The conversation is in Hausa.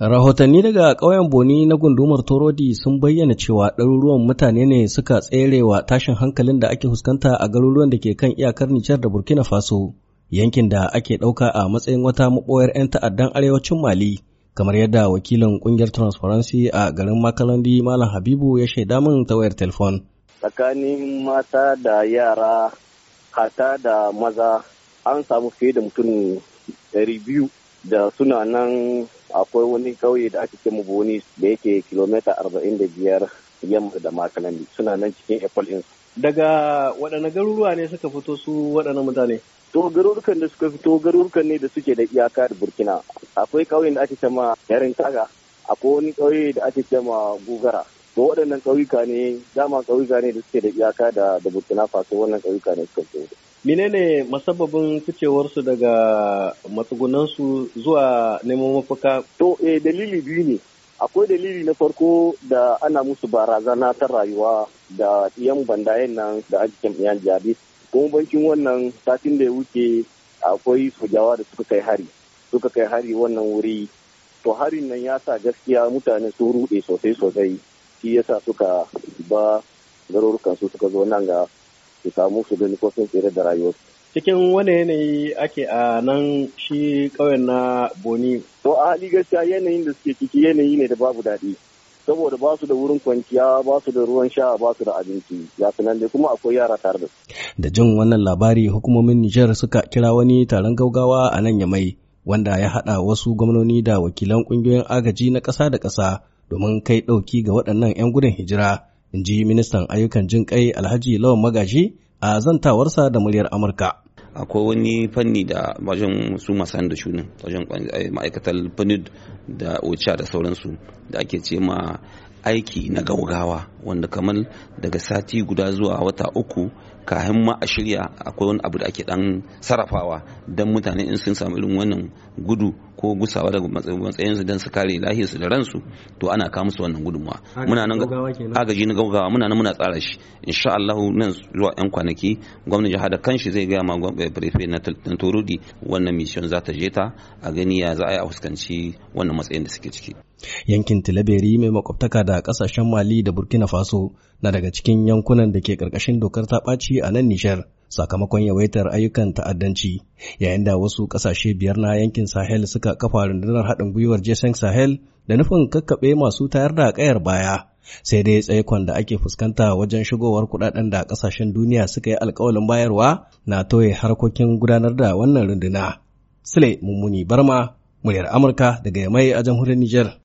Rahotanni daga ƙauyen Boni na gundumar Torodi sun bayyana cewa ɗaruruwan mutane ne suka tserewa tashin hankalin da ake fuskanta a garuruwan da ke kan iyakar Nijar da Burkina Faso, yankin da ake ɗauka a matsayin wata maɓoyar 'yan ta'addan arewacin Mali, kamar yadda wakilin ƙungiyar Transparency a garin Makalandi Malam Habibu ya shaida min ta wayar telefon. Tsakanin mata da yara, hata da maza, an samu fiye da mutum ɗari da suna nan akwai wani kauye da ake ce boni da yake kilomita arba'in da biyar yamma da makalami suna nan cikin apple daga waɗanne garuruwa ne suka fito su waɗannan mutane to garurukan da suka fito garurukan ne da suke da iyaka da burkina akwai kauyen da ake ce ma yarin taga akwai wani kauye da ake ce ma gugara to waɗannan kauyuka ne dama kauyuka ne da suke da iyaka da burkina faso wannan kauyuka ne suka fito menene masababin ficewarsu daga matsugunansu zuwa neman mafaka? To, eh, dalili biyu ne. Akwai dalili na farko da ana musu barazana ta rayuwa da yan bandayen nan da ajiyar yan jabi. Kuma bankin wannan satin da ya wuce akwai sojawa da suka kai hari. Suka kai hari wannan wuri. To, harin nan ya sa gaskiya mutane su ruɗe sosai sosai. Shi yasa suka ba garurukansu suka zo nan ga su samu su gani ko sun tsere da rayuwarsu. Cikin wani yanayi ake a nan shi ƙauyen na Boni? To a gaskiya yanayin da suke ciki yanayi ne da babu daɗi. Saboda ba su da wurin kwanciya, ba su da ruwan sha, ba su da abinci, ya nan dai kuma akwai yara tare da su. Da jin wannan labari hukumomin Nijar suka kira wani taron gaugawa a nan Yamai, wanda ya haɗa wasu gwamnoni da wakilan ƙungiyoyin agaji na ƙasa da ƙasa domin kai ɗauki ga waɗannan 'yan gudun hijira. in ji ministan ayyukan jin kai alhaji lawan magashi a zantawarsa da muryar amurka akwai wani fanni da wajen su masu da shunin wajen eh, ma'aikatar fanid da ocha da sauransu da ake ce ma aiki na gaugawa wanda kamar daga sati guda zuwa wata uku kayan ma a shirya akwai wani abu da ake dan sarrafawa don mutane in sun samu irin wannan gudu ko gusawa daga matsayinsu don su kare lahiyarsu da ransu to ana kawo musu wannan gudunmuwa muna nan agaji na gaugawa muna nan muna tsara shi insha Allah nan zuwa yan kwanaki gwamnati jihar da kanshi zai gaya ma eh, prefe na Torodi wannan mission za ta je ta a gani ya za a yi a fuskanci wannan matsayin da suke ciki yankin Tilaberi mai makwabtaka da kasashen Mali da Burkina Faso na daga cikin yankunan da ke karkashin dokar ta ɓaci a nan nishar sakamakon yawaitar ayyukan ta'addanci yayin da wasu ƙasashe biyar na yankin sahel suka kafa rundunar haɗin gwiwar jason sahel da nufin kakkaɓe masu tayar da ƙayar baya sai dai tsaikon da ake fuskanta wajen shigowar kuɗaɗen da ƙasashen duniya suka yi alkawalin bayarwa na toye harkokin gudanar da wannan runduna sule mummuni barma muryar amurka daga yamai a jamhuriyar Nijar.